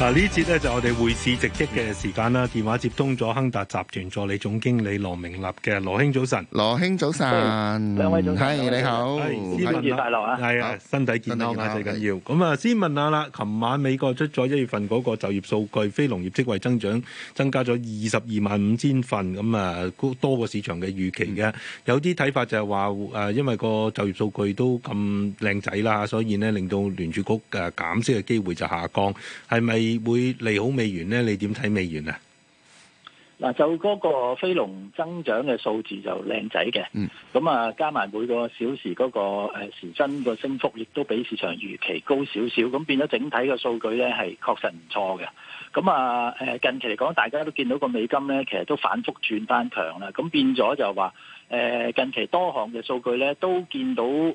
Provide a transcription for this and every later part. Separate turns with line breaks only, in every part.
嗱呢次咧就我哋匯市直擊嘅時間啦，電話接通咗亨達集團助理總經理羅明立嘅，羅興早晨。羅興早晨，兩位總經理你好。新年快樂啊！係啊，身體健康最緊要。咁是啊，先問下啦，琴晚美國出咗一月份嗰個就業數據，非農業職位增長增加咗二十二萬五千份，咁啊多過市場嘅預期嘅。嗯、有啲睇法就係話誒，因為個就業數據都咁靚仔啦，所以呢，令到聯儲局誒減息嘅機會就下降，係咪？會利好美元咧？你點睇美元啊？
嗱，就嗰個非農增長嘅數字就靚仔嘅，嗯，咁啊加埋每個小時嗰個誒時薪個升幅，亦都比市場預期高少少，咁變咗整體嘅數據咧係確實唔錯嘅。咁啊，誒近期嚟講，大家都見到個美金咧，其實都反覆轉翻強啦。咁變咗就話，誒近期多項嘅數據咧都見到，誒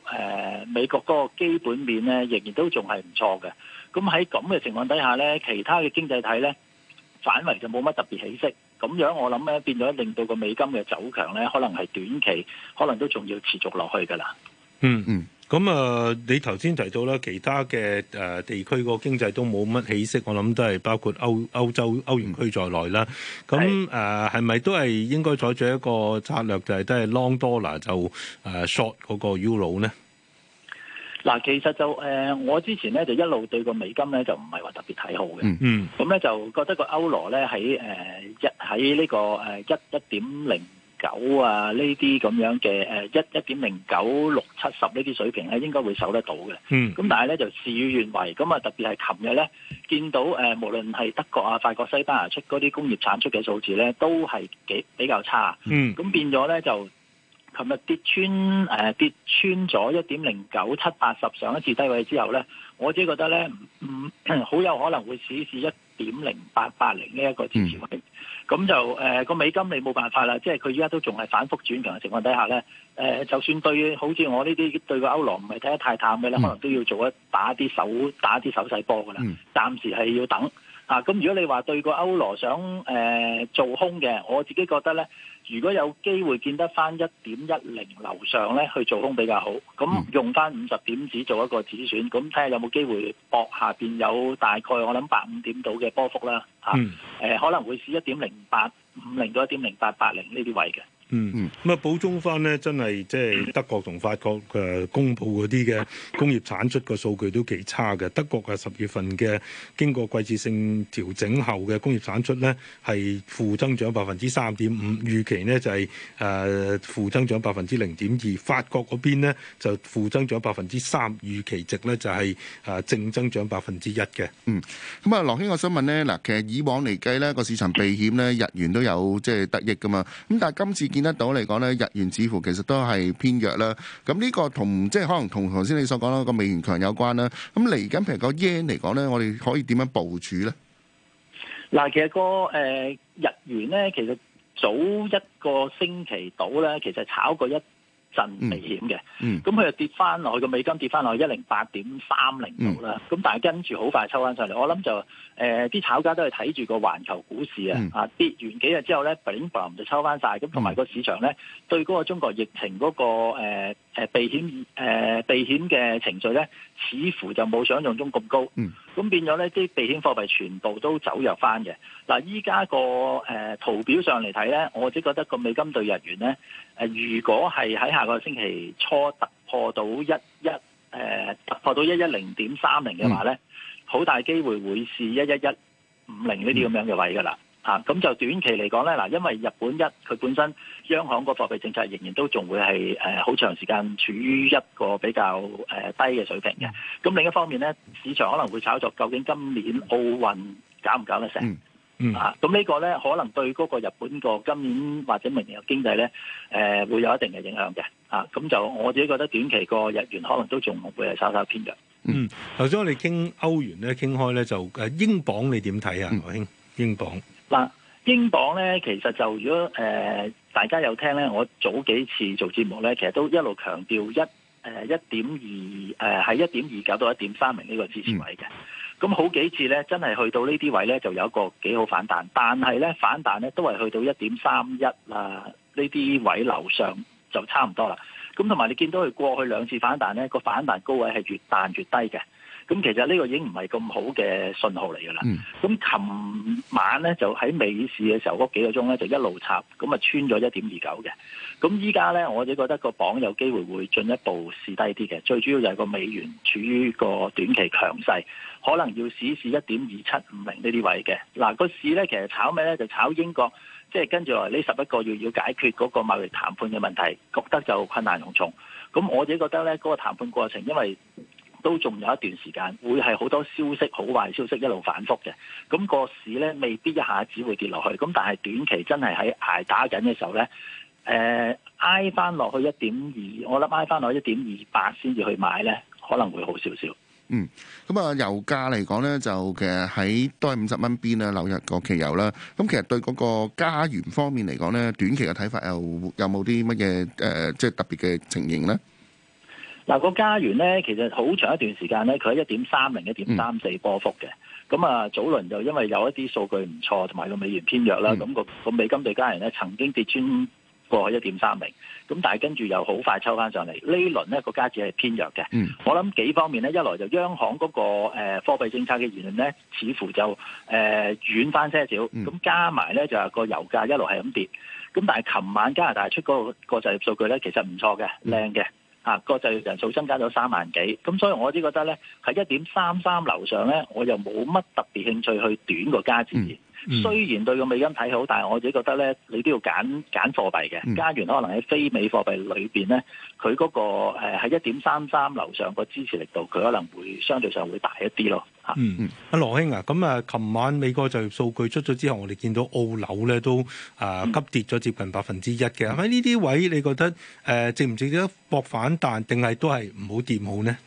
美國嗰個基本面咧仍然都仲係唔錯嘅。咁喺咁嘅情況底下咧，其他嘅經濟體咧反而就冇乜特別起色。咁樣我諗咧，變咗令到個美金嘅走強咧，可能係短期，可能都仲要持續落去㗎啦。嗯嗯，
咁啊，你頭先提到啦，其他嘅誒地區個經濟都冇乜起色，我諗都係包括歐歐洲歐元區在內啦。咁誒係咪都係應該採取一個策略，就係都係 long dollar 就誒 short 嗰個 Euro 咧？
嗱，其實就誒，我之前咧就一路對個美金咧就唔係話特別睇好嘅，嗯，咁咧就覺得個歐羅咧喺誒一喺呢個誒一一點零九啊呢啲咁樣嘅誒一一點零九六七十呢啲水平咧應該會守得到嘅，嗯，咁但係咧就事與願違，咁啊特別係琴日咧見到誒無論係德國啊、法國、西班牙出嗰啲工業產出嘅數字咧都係幾比較差，嗯，咁變咗咧就。琴日跌穿誒、呃、跌穿咗一點零九七八十上一次低位之後咧，我自己覺得咧，唔、呃、好有可能會試試一點零八八零呢一個支持位，咁、嗯、就誒個、呃、美金你冇辦法啦，即係佢依家都仲係反覆轉強嘅情況底下咧，誒、呃、就算對好似我呢啲對個歐羅唔係睇得太淡嘅啦，可能都要做一打啲手打啲手勢波噶啦，嗯、暫時係要等。咁、啊、如果你話對個歐羅想誒、呃、做空嘅，我自己覺得咧，如果有機會見得翻一點一零樓上咧，去做空比較好。咁用翻五十點止做一個止損，咁睇下有冇機會搏下邊有大概我諗八五點度嘅波幅啦。啊嗯呃、可能會試一點零八五零到一點零八八零呢啲位嘅。
嗯嗯，咁、嗯、啊、嗯嗯、補充翻呢，真係即係德國同法國誒公佈嗰啲嘅工業產出個數據都幾差嘅。德國嘅十月份嘅經過季節性調整後嘅工業產出呢，係負增長百分之三點五，預期呢就係誒負增長百分之零點二。法國嗰邊咧就負增長百分之三，預期值呢就係誒正增長百分之一嘅。
嗯，咁啊，羅兄，我想問呢，嗱，其實以往嚟計呢個市場避險呢，日元都有即係得益噶嘛。咁但係今次，見得到嚟講咧，日元似乎其實都係偏弱啦。咁呢個同即係可能同頭先你所講啦個美元強有關啦。咁嚟緊譬如個 yen 嚟講咧，我哋可以點樣部署咧？
嗱，其實個誒日元咧，其實早一個星期到咧，其實炒過一。嗯嗯、震危險嘅，咁佢又跌翻落去，個美金跌翻落去一零八點三零度啦。咁、嗯、但係跟住好快抽翻上嚟，我諗就誒啲、呃、炒家都係睇住個環球股市、嗯、啊，啊跌完幾日之後咧，blink b 就抽翻晒。咁同埋個市場咧對嗰個中國疫情嗰、那個誒避險誒避險嘅情緒咧，似乎就冇想象中咁高。嗯咁變咗呢，啲避險貨幣全部都走入翻嘅。嗱，依家個誒圖表上嚟睇呢，我只覺得個美金兌日元呢、呃，如果係喺下個星期初突破到一一誒突破到一一零點三零嘅話呢，好、mm. 大機會會是一一一五零呢啲咁樣嘅位噶啦。啊，咁就短期嚟講咧，嗱，因為日本一佢本身央行個貨幣政策仍然都仲會係誒好長時間處於一個比較誒、呃、低嘅水平嘅。咁另一方面咧，市場可能會炒作究竟今年奧運搞唔搞得成？嗯，咁、嗯啊、呢個咧可能對嗰個日本個今年或者明年嘅經濟咧誒會有一定嘅影響嘅。咁、啊、就我自己覺得短期個日元可能都仲會係稍稍偏弱。嗯，
頭先我哋傾歐元咧，傾開咧就英鎊，你點睇啊，我興、嗯？英鎊？
英鎊咧，其實就如果誒、呃、大家有聽咧，我早幾次做節目咧，其實都一路強調一誒一點二誒喺一點二九到一點三零呢個支持位嘅。咁、嗯、好幾次咧，真係去到這些呢啲位咧，就有一個幾好反彈，但係咧反彈咧都係去到一點三一啦呢啲位樓上就差唔多啦。咁同埋你見到佢過去兩次反彈咧，個反彈高位係越彈越低嘅。咁其實呢個已經唔係咁好嘅信號嚟㗎啦。咁琴、嗯、晚咧就喺美市嘅時候嗰幾個鐘咧就一路插，咁啊穿咗一點二九嘅。咁依家咧，我自己覺得個榜有機會會進一步試低啲嘅。最主要就係個美元處於個短期強勢，可能要試試一點二七五零呢啲位嘅。嗱、那個市咧其實炒咩咧就炒英國，即、就、係、是、跟住落嚟呢十一個月要解決嗰個貿易談判嘅問題，覺得就困難重重。咁我自己覺得咧嗰、那個談判過程因為。都仲有一段時間，會係好多消息，好壞消息一路反覆嘅。咁、個市呢未必一下子會跌落去。咁但係短期真係喺挨打緊嘅時候呢，誒、呃、挨翻落去一點二，我諗挨翻落一點二八先至去買呢，可能會好少少。
嗯。咁啊，油價嚟講呢，就其實喺都係五十蚊邊啊，紐約個期油啦。咁其實對嗰個加元方面嚟講呢，短期嘅睇法又有冇啲乜嘢誒，即係特別嘅情形呢？
嗱個加元咧，其實好長一段時間咧，佢喺一點三零、一點三四波幅嘅。咁啊、嗯，早輪就因為有一啲數據唔錯，同埋個美元偏弱啦，咁、嗯那個、個美金對加元咧曾經跌穿過去一點三零，咁但係跟住又好快抽翻上嚟。輪呢輪咧個加字係偏弱嘅。嗯、我諗幾方面咧，一來就央行嗰、那個誒、呃、貨幣政策嘅議論咧，似乎就誒、呃、軟翻些少。咁、嗯、加埋咧就係、是、個油價一路係咁跌。咁但係琴晚加拿大出嗰個個就業數據咧，其實唔錯嘅，靚嘅、嗯。啊，國際人數增加咗三萬幾，咁所以我只覺得咧喺一點三三樓上咧，我又冇乜特別興趣去短個價錢。嗯嗯、雖然對個美金睇好，但係我自己覺得咧，你都要揀揀貨幣嘅，加元、嗯、可能喺非美貨幣裏邊咧，佢嗰個喺一點三三樓上個支持力度，佢可能會相對上會大一啲咯嚇。
嗯，阿羅兄啊，咁、嗯、啊，琴晚美國就業數據出咗之後，我哋見到澳紐咧都啊、呃、急跌咗接近百分之一嘅，喺呢啲位置你覺得誒、呃、值唔值得搏反彈，定係都係唔好掂好呢？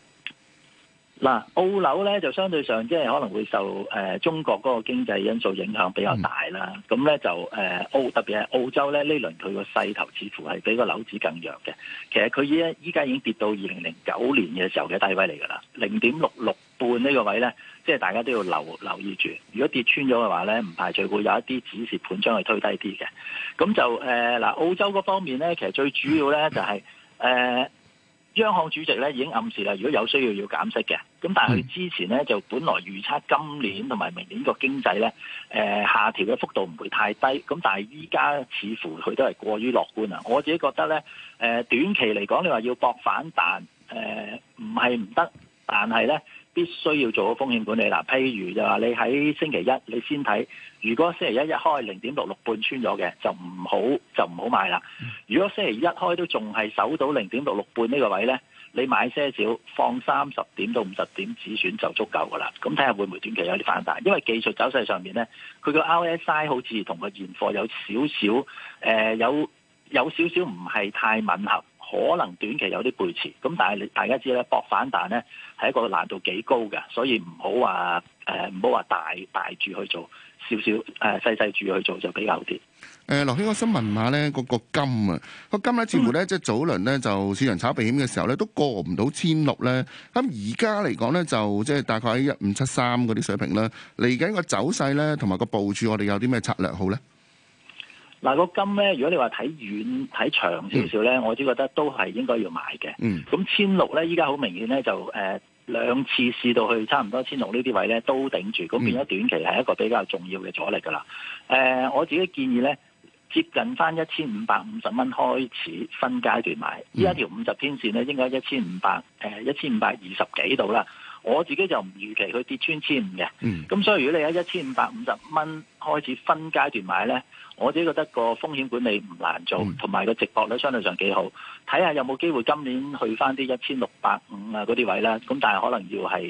嗱，澳樓咧就相對上即係可能會受誒、呃、中國嗰個經濟因素影響比較大啦。咁咧、嗯、就誒澳、呃、特別係澳洲咧呢輪佢個勢頭似乎係比個樓指更弱嘅。其實佢依依家已經跌到二零零九年嘅時候嘅低位嚟㗎啦，零點六六半呢個位咧，即係大家都要留留意住。如果跌穿咗嘅話咧，唔排除會有一啲止蝕盤將佢推低啲嘅。咁就誒嗱、呃、澳洲嗰方面咧，其實最主要咧就係、是、誒，呃央行主席咧已經暗示啦，如果有需要要減息嘅，咁但係佢之前咧就本來預測今年同埋明年個經濟咧，誒下調嘅幅度唔會太低，咁但係依家似乎佢都係過於樂觀啦。我自己覺得咧，誒短期嚟講，你話要博反彈，誒唔係唔得，但係咧。必須要做好風險管理啦，譬如就話你喺星期一你先睇，如果星期一一開零點六六半穿咗嘅，就唔好就唔好買啦。如果星期一開都仲係守到零點六六半呢個位呢，你買些少，放三十點到五十點止損就足夠噶啦。咁睇下會唔會短期有啲反彈，因為技術走勢上面呢，佢個 RSI 好似同個現貨有少少誒、呃，有有少少唔係太吻合。可能短期有啲背馳，咁但係大家知咧，搏反彈咧係一個難度幾高嘅，所以唔好話唔好話大大住去做，少少誒、呃、細細住去做就比較好啲。誒、
呃、羅兄，我想問下咧，嗰個金啊，那個金咧似乎咧，即係、嗯、早輪咧就市場炒避險嘅時候咧都過唔到千六咧，咁而家嚟講咧就即係大概喺一五七三嗰啲水平啦。嚟緊個走勢咧同埋個部署，我哋有啲咩策略好咧？
但個金咧，如果你話睇遠睇長少少咧，嗯、我只覺得都係應該要買嘅。咁千六咧，依家好明顯咧，就、呃、誒兩次試到去差唔多千六呢啲位咧，都頂住，咁、嗯、變咗短期係一個比較重要嘅阻力㗎啦。誒、呃，我自己建議咧，接近翻一千五百五十蚊開始分階段買，依一條五十天線咧，應該一千五百、誒、一千五百二十幾度啦。我自己就唔預期佢跌穿千五嘅，咁、嗯、所以如果你喺一千五百五十蚊開始分階段買呢，我自己覺得個風險管理唔難做，同埋個值博率相對上幾好，睇下有冇機會今年去翻啲一千六百五啊嗰啲位啦，咁但係可能要係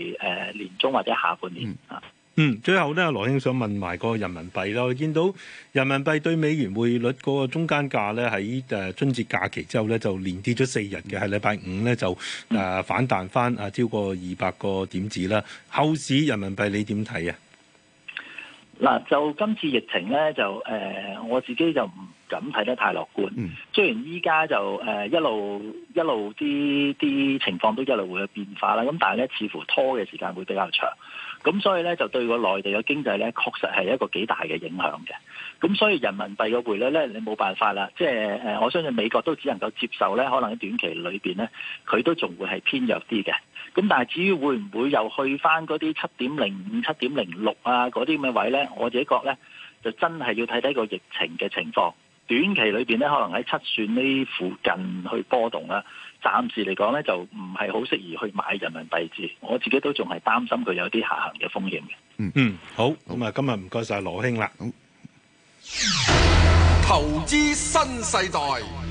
年中或者下半年啊。嗯
嗯，最後咧，羅兄想問埋個人民幣啦。我見到人民幣對美元匯率嗰個中間價咧，喺誒春節假期之後咧，就連跌咗四日嘅，係禮拜五咧就誒反彈翻啊，超過二百個點子啦。後市人民幣你點睇啊？
嗱，就今次疫情咧，就誒、呃、我自己就唔敢睇得太樂觀。嗯、雖然依家就誒、呃、一路一路啲啲情況都一路會有變化啦，咁但係咧似乎拖嘅時間會比較長。咁所以咧就對個內地嘅經濟咧確實係一個幾大嘅影響嘅。咁所以人民幣嘅匯率咧你冇辦法啦，即係誒我相信美國都只能夠接受咧，可能喺短期裏面咧佢都仲會係偏弱啲嘅。咁但係至於會唔會又去返嗰啲七點零五、七點零六啊嗰啲咁嘅位咧，我自己覺得咧就真係要睇睇個疫情嘅情況。短期裏邊咧，可能喺七算呢附近去波動啦。暫時嚟講咧，就唔係好適宜去買人民幣紙。我自己都仲係擔心佢有啲下行嘅風險嘅。嗯
嗯，好，咁啊好，今日唔該晒羅兄啦。
投資新世代。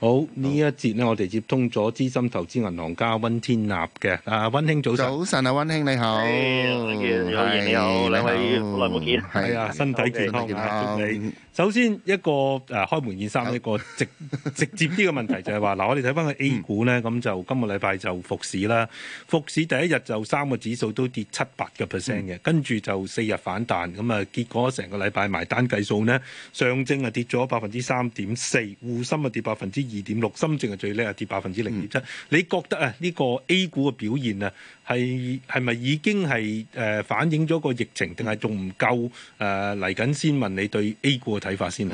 好，呢一節咧，我哋接通咗資深投資銀行家温天納嘅。啊，温
兄早晨。早晨啊，温兄你好。
係 又兩位是好耐冇見。係啊，身體健康你好。OK，健康啊、你。首先一個誒、啊、開門見山一個直直接啲嘅問題就係話嗱，我哋睇翻個 A 股咧，咁、嗯、就今個禮拜就復市啦。復市第一日就三個指數都跌七八個 percent 嘅，跟住、嗯、就四日反彈，咁、嗯、啊結果成個禮拜埋單計數呢，上證啊跌咗百分之三點四，滬深啊跌百分之二點六，深證啊最叻啊跌百分之零點七。嗯、你覺得啊呢、呢個 A 股嘅表現啊係係咪已經係、呃、反映咗個疫情定係仲唔夠誒嚟緊先問你對 A 股嘅睇法？睇法先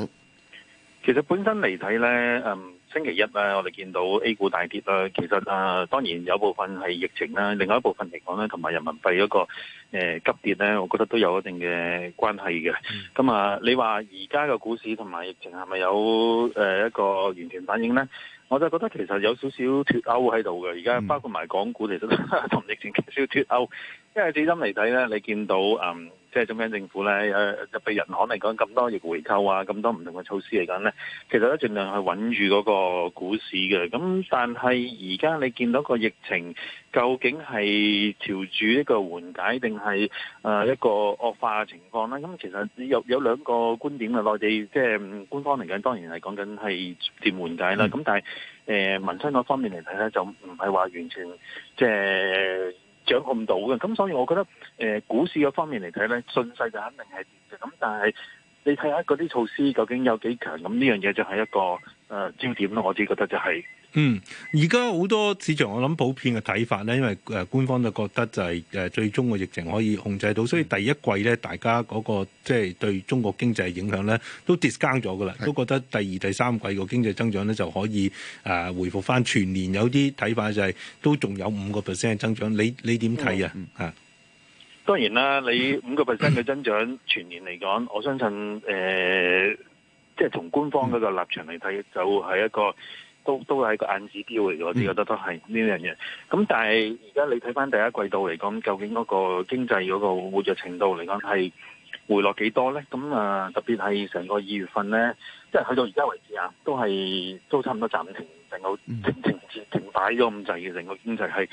其實本身嚟睇咧，星期一咧、啊，我哋見到 A 股大跌啦。其實啊，當然有部分係疫情啦，另外一部分嚟講咧，同埋人民幣嗰個誒、呃、急跌咧，我覺得都有一定嘅關係嘅。咁、嗯、啊，你話而家嘅股市同埋疫情係咪有誒、呃、一個完全反應咧？我就覺得其實有少少脫歐喺度嘅。而家包括埋港股，其實同疫情少少脫歐。即係至今嚟睇咧，你見到誒，即係中央政府咧誒，入邊人行嚟講咁多逆回購啊，咁多唔同嘅措施嚟講咧，其實都盡量係穩住嗰個股市嘅。咁但係而家你見到個疫情究竟係朝住一個緩解定係誒一個惡化嘅情況咧？咁其實有有兩個觀點嘅，內地即係官方嚟講，當然係講緊係逐步緩解啦。咁但係誒民生嗰方面嚟睇咧，就唔係話完全即係。掌控唔到嘅，咁所以我覺得，誒、呃、股市嘅方面嚟睇咧，信勢就肯定係跌嘅。咁但係你睇下嗰啲措施究竟有幾強，咁、嗯、呢樣嘢就係一個誒焦點咯。我自己覺得就係、是。
嗯，而家好多市場，我諗普遍嘅睇法咧，因為誒官方就覺得就係誒最終個疫情可以控制到，所以第一季咧，大家嗰、那個即係、就是、對中國經濟影響咧都 discount 咗噶啦，都覺得第二、第三季個經濟增長咧就可以誒回復返，全年有啲睇法就係都仲有五個 percent 嘅增長。你你點睇啊？嚇、嗯，嗯、
當然啦，你五個 percent 嘅增長、嗯、全年嚟講，我相信誒即係從官方嗰個立場嚟睇，就係一個。都都一個銀指雕嚟嘅，我覺得都係呢樣嘢。咁但係而家你睇翻第一季度嚟講，究竟嗰個經濟嗰個活躍程度嚟講係回落幾多咧？咁啊，特別係成個二月份咧，即、就、係、是、去到而家為止啊，都係都差唔多暫停定有停停停擺咗咁滯嘅成個經濟係。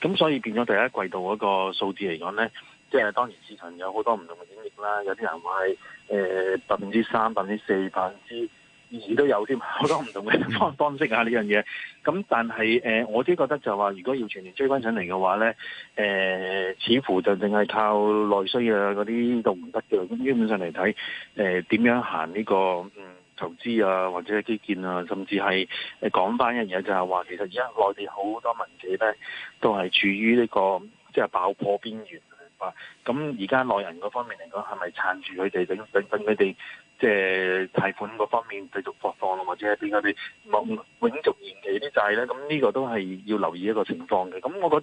咁所以變咗第一季度嗰個數字嚟講咧，即、就、係、是、當然市場有好多唔同嘅反應啦，有啲人話係誒百分之三、百分之四、百分之。而都有添，好多唔同嘅方方式啊呢樣嘢。咁但係誒，我都、呃、我只覺得就話如果要全面追翻上嚟嘅話咧，誒、呃、似乎就淨係靠內需啊嗰啲都唔得嘅。咁基本上嚟睇，誒、呃、點樣行呢、呢個嗯投資啊，或者基建啊，甚至係誒、呃、講翻一樣嘢、就是這個，就係話其實而家內地好多民企咧，都係處於呢個即係爆破邊緣啊。咁而家內人嗰方面嚟講，係咪撐住佢哋，等等等佢哋？即係、呃、貸款嗰方面繼續發放咯，或者俾我哋永永續延期啲債咧，咁呢個都係要留意一個情況嘅。咁我覺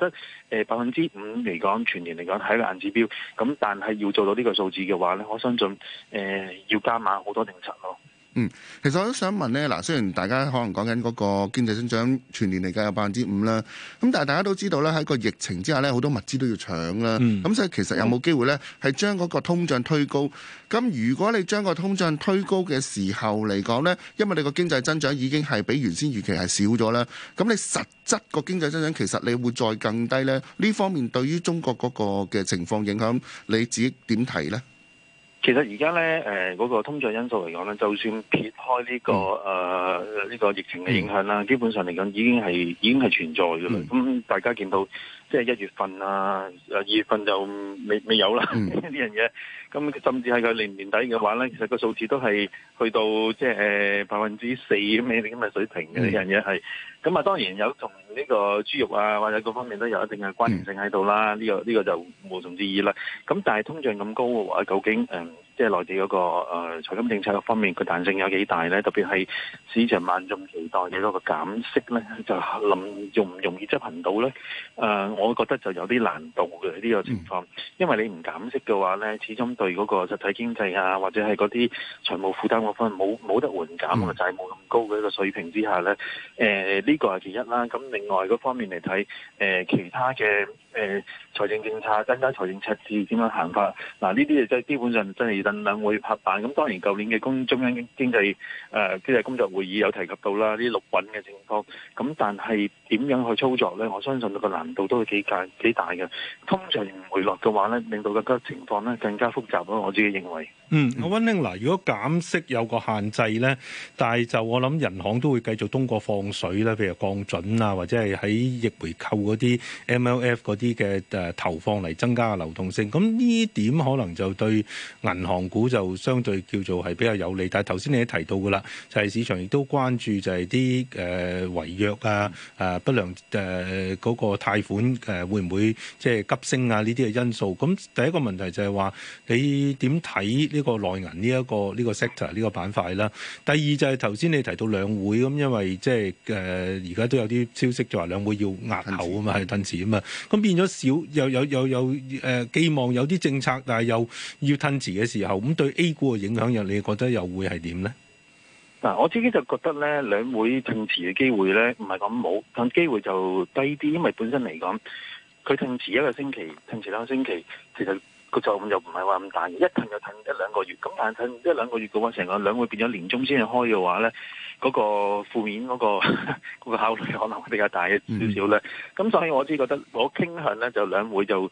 得誒百分之五嚟講，全年嚟講係一個硬指標，咁但係要做到呢個數字嘅話咧，我相信誒、呃、要加碼好多政
策咯。
嗯，其實我都想問咧，嗱，雖然大家可能講緊嗰個經濟增長全年嚟計有百分之五啦，咁但係大家都知道咧，喺個疫情之下咧，好多物資都要搶啦，咁、嗯、所以其實有冇機會咧係將嗰個通脹推高？咁如果你將個通脹推高嘅時候嚟講咧，因為你個經濟增長已經係比原先預期係少咗啦，咁你實質個經濟增長其實你會再更低咧？呢方面對於中國嗰個嘅情況影響，你自己點睇咧？
其實而家咧，誒、呃、嗰、那個通脹因素嚟講咧，就算撇開呢、這個誒呢、嗯呃這個疫情嘅影響啦，基本上嚟講已經係已經係存在嘅啦。咁、嗯、大家見到即係一月份啊，二月份就未未有啦呢樣嘢。咁、嗯、甚至喺佢年年底嘅話咧，其實個數字都係去到即係誒百分之四咁嘅咁嘅水平嘅呢樣嘢係。咁啊，當然有同呢個豬肉啊，或者各方面都有一定嘅關聯性喺度啦。呢、嗯呢個呢、呢個就無從置疑啦。咁但係通脹咁高嘅話，究竟、嗯即係內地嗰個誒、呃、財金政，政策方面，佢彈性有幾大咧？特別係市場萬眾期待嘅嗰個減息咧，就諗容唔容易執行到咧？誒、呃，我覺得就有啲難度嘅呢、這個情況，因為你唔減息嘅話咧，始終對嗰個實體經濟啊，或者係嗰啲財務負擔嗰方冇冇得緩減、嗯、啊，就係冇咁高嘅一個水平之下咧。誒、呃，呢、這個係其一啦。咁另外嗰方面嚟睇，誒、呃、其他嘅誒財政政策增加財政赤字點樣行法？嗱、啊，呢啲誒真基本上真係。儘量會拍板，咁當然舊年嘅工中央經濟誒經濟工作會議有提及到啦，呢啲陸品嘅情況，咁但係點樣去操作呢？我相信個難度都幾大幾大嘅。通常回落嘅話呢令到個情況咧更加複雜咯。我自己認為。
嗯，阿温丁嗱，如果減息有個限制咧，但係就我諗人行都會繼續通過放水咧，譬如降準啊，或者係喺逆回購嗰啲 MLF 嗰啲嘅誒投放嚟增加個流動性。咁呢點可能就對銀行股就相對叫做係比較有利。但係頭先你都提到嘅啦，就係、是、市場亦都關注就係啲誒違約啊、誒、呃、不良誒嗰、呃那個貸款誒會唔會即係急升啊呢啲嘅因素。咁第一個問題就係話你點睇？呢個內銀呢一個呢、這個 sector 呢個板塊啦。第二就係頭先你提到兩會咁，因為即係誒而家都有啲消息就話兩會要押後啊嘛，係吞遲啊嘛。咁、嗯、變咗少，又有又有誒、呃、寄望有啲政策，但係又要吞遲嘅時候，咁對 A 股嘅影響又你覺得又會係點呢？
嗱，我自己就覺得咧，兩會吞遲嘅機會咧，唔係咁冇，但機會就低啲，因為本身嚟講，佢吞遲一個星期，吞遲兩個星期，其實。個錯誤就唔係話咁大，一騰就騰一兩個月，咁但係騰一兩個月嘅話，成個兩會變咗年中先開嘅話咧，嗰個負面嗰個個考慮可能會比較大一少少咧。咁所以我只覺得，我傾向咧就兩會就誒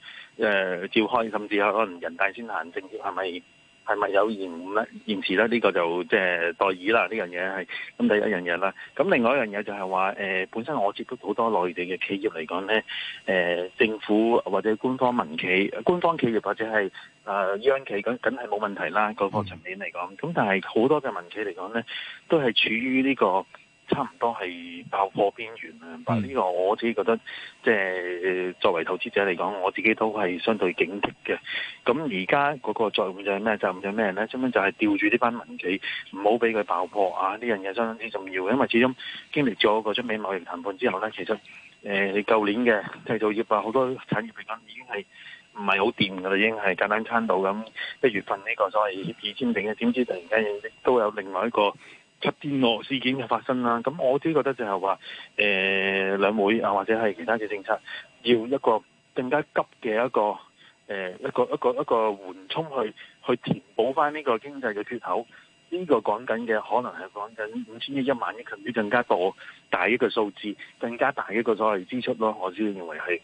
召開，甚至可能人大先行政協係咪？係咪有延誤咧？延遲咧？呢、這個就即係待議啦。呢樣嘢係咁，第一樣嘢啦。咁另外一樣嘢就係話、呃，本身我接觸好多內地嘅企業嚟講咧，政府或者官方民企、呃、官方企業或者係、呃、央企咁，梗係冇問題啦。嗰個層面嚟講，咁、嗯、但係好多嘅民企嚟講咧，都係處於呢、這個。差唔多係爆破邊緣啊！呢，嗯，個我自己覺得，即係作為投資者嚟講，我自己都係相對警惕嘅。咁而家嗰個作用就係咩？就係咩咧？即係就係吊住呢班民企，唔好俾佢爆破啊！呢樣嘢相當之重要嘅，因為始終經歷咗個中美貿易談判之後咧，其實誒你舊年嘅製造業啊，好多產業嚟講已經係唔係好掂㗎喇，已經係簡單撐到咁。一月份呢個所謂二千點嘅，點知突然間都有另外一個。黑天鵝事件嘅發生啦，咁我自己覺得就係話，誒、呃、兩會啊，或者係其他嘅政策，要一個更加急嘅一個，誒、呃、一個一個一個,一個緩衝去去填補翻呢個經濟嘅缺口。呢、這個講緊嘅可能係講緊五千億、一萬億佢至更加多大一個數字，更加大一個所謂支出咯。我先認為係，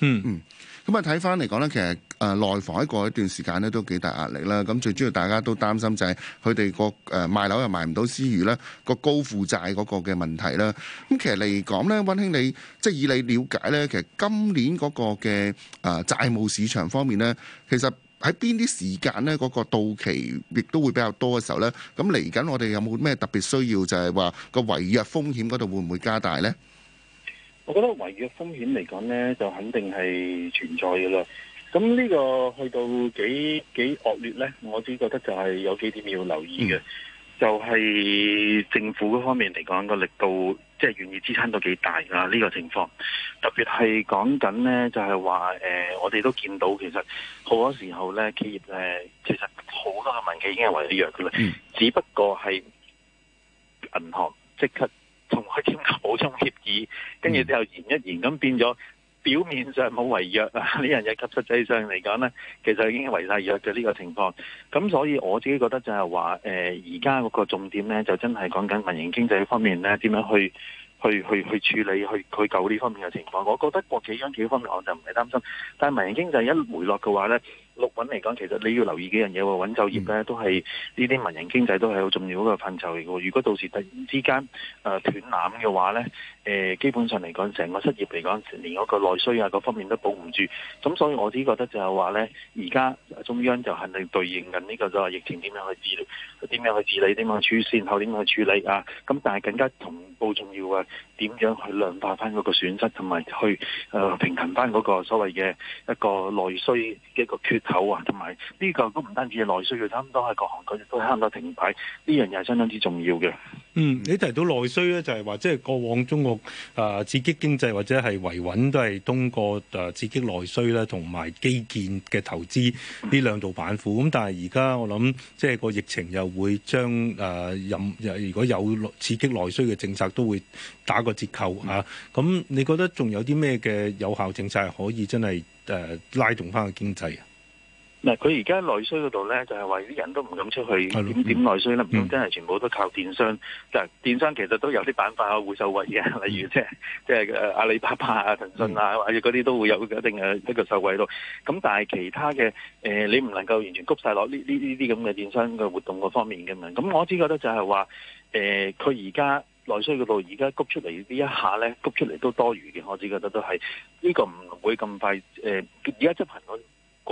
嗯
嗯。咁啊，睇返嚟講呢，其實誒內房喺過一段時間呢，都幾大壓力啦。咁最主要大家都擔心就係佢哋個誒賣樓又賣唔到之餘呢，個高負債嗰個嘅問題啦。咁其實嚟講呢，温兄你即係以你瞭解呢，其實今年嗰個嘅誒債務市場方面呢，其實喺邊啲時間呢，嗰個到期亦都會比較多嘅時候呢，咁嚟緊我哋有冇咩特別需要，就係話個違約風險嗰度會唔會加大呢？
我覺得違約風險嚟講咧，就肯定係存在噶啦。咁呢個去到幾幾惡劣咧，我自己覺得就係有幾點要留意嘅。嗯、就係政府嗰方面嚟講個力度，即係願意支撐到幾大啊呢、這個情況。特別係講緊咧，就係話誒，我哋都見到其實好多時候咧，企業誒，其實好多嘅民企已經係違約噶啦，嗯、只不過係銀行即刻。同佢簽下補充協議，跟住之後延一延咁變咗，表面上冇違約啊。呢樣嘢，及實際上嚟講呢，其實已經違約嘅呢個情況。咁所以我自己覺得就係話，誒而家嗰個重點呢，就真係講緊民營經濟方面呢，點樣去去去去處理去去救呢方面嘅情況。我覺得國企央企方面我就唔係擔心，但係民營經濟一回落嘅話呢。六穩嚟講，其實你要留意幾樣嘢喎，穩就業咧都係呢啲民營經濟都係好重要一個範疇嚟嘅喎。如果到時突然之間誒、呃、斷纜嘅話咧，誒、呃、基本上嚟講，成個失業嚟講，連嗰個內需啊各方面都保唔住。咁所以我只覺得就係話咧，而家中央就肯定對應緊呢個就係疫情點樣去治療，點樣去治理，點樣處善後點樣去處理,去處理啊。咁但係更加同步重要嘅，點樣去量化翻嗰個損失，同埋去誒、呃、平衡翻嗰個所謂嘅一個內需一個缺。啊，同埋呢個都唔單止內需，差唔多係各行各業都差唔多停牌。呢樣嘢係相當之重要嘅。
嗯，你提到內需咧，就係話即係過往中國誒、呃、刺激經濟或者係維穩都係通過誒、呃、刺激內需咧，同埋基建嘅投資呢兩道板斧。咁但係而家我諗即係個疫情又會將誒任如果有刺激內需嘅政策都會打個折扣嚇。咁、嗯啊、你覺得仲有啲咩嘅有效政策係可以真係誒、呃、拉動翻個經濟？
嗱，佢而家內需嗰度咧，就係話啲人都唔敢出去，點點
內需咧，唔、嗯、真
係全部都靠電商？就係、嗯、電商其實都有啲板塊會會受惠嘅，嗯、例如即即係阿里巴巴、嗯、啊、騰訊啊，或者嗰啲都會有一定嘅一個受惠到。咁但係其他嘅、呃、你唔能夠完全谷晒落呢呢呢啲咁嘅電商嘅活動嗰方面。咁樣咁我只覺得就係話誒，佢而家內需嗰度而家谷出嚟呢一下咧，谷出嚟都多餘嘅。我只覺得都係呢、呢個唔會咁快誒。而、呃、家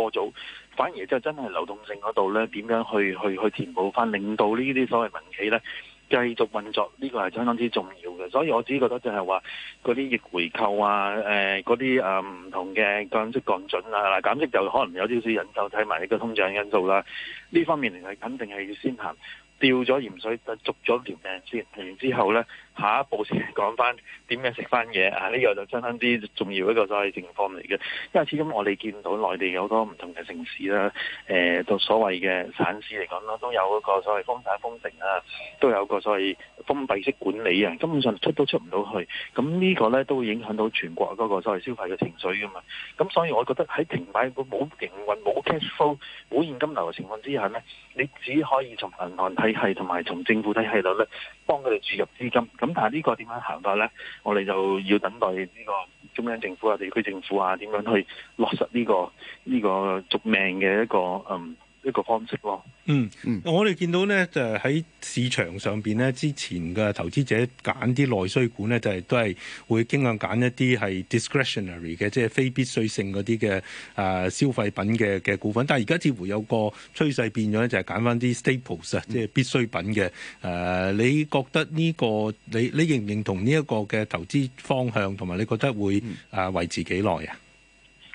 過早，反而即係真係流動性嗰度咧，點樣去去去填補返，令到呢啲所謂民企咧繼續運作，呢個係相當之重要嘅。所以我只覺得就係話嗰啲逆回購啊，誒嗰啲啊唔同嘅降息降準啊，嗱減息就可能有少少引誘睇埋呢個通脹因素啦。呢方面係肯定係要先行，吊咗鹽水就捉咗條命先，然之後咧。下一步先講翻點樣食翻嘢啊！呢、呢個就相當之重要一個所謂情況嚟嘅。因為始終我哋見到內地有好多唔同嘅城市啦。誒、呃，到所謂嘅省市嚟講啦，都有一個所謂封城、封城啊，都有個所謂封閉式管理啊，根本上出都出唔到去。咁呢個咧都會影響到全國嗰個所謂消費嘅情緒噶嘛。咁所以我覺得喺停擺、冇營運、冇 cash flow、冇現金流嘅情況之下咧，你只可以從銀行體系同埋從政府體系度咧幫佢哋注入資金。咁但係呢個點樣行法咧？我哋就要等待呢個中央政府啊、地區政府啊點樣去落實呢個呢個續命嘅一個嗯。一個
方式咯。嗯嗯，嗯我哋見到咧，就係喺市場上面咧，之前嘅投資者揀啲內需股咧，就係都係會傾向揀一啲係 discretionary 嘅，即係非必需性嗰啲嘅消費品嘅嘅股份。但係而家似乎有個趨勢變咗，就係揀翻啲 staples，即係必需品嘅。呃，你覺得呢個你你認唔認同呢一個嘅投資方向，同埋你覺得會誒維持幾耐啊？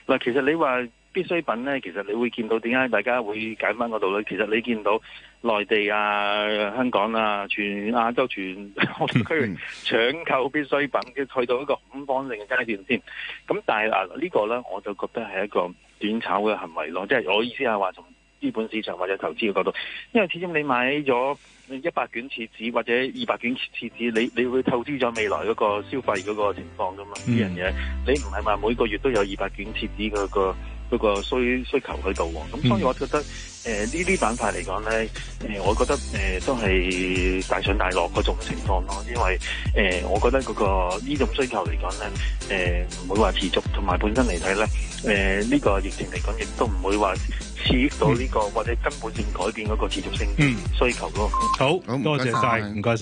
嗱，其實你話。必需品咧，其實你會見到點解大家會揀翻嗰度咧。其實你見到內地啊、香港啊、全亞洲全區域 搶購必需品，去到一個恐慌性嘅階段先。咁但係啊，這個、呢個咧我就覺得係一個短炒嘅行為咯。即、就、係、是、我意思係話，從資本市場或者投資嘅角度，因為始終你買咗一百卷廁紙或者二百卷廁紙，你你會透支咗未來嗰個消費嗰個情況噶嘛？呢樣嘢你唔係話每個月都有二百卷廁紙嗰、那個。嗰個需需求去到喎，咁所以我覺得，誒、嗯呃、呢啲板塊嚟講咧，誒、呃、我覺得誒、呃、都係大上大落嗰種情況咯，因為誒、呃、我覺得嗰、那個呢種需求嚟講咧，誒、呃、唔會話持續，同埋本身嚟睇咧，誒、呃、呢、這個疫情嚟講亦都唔會話刺激到呢、這個、嗯、或者根本性改變嗰個持續性嘅需求咯。嗯、
好，多謝晒。唔該。謝謝。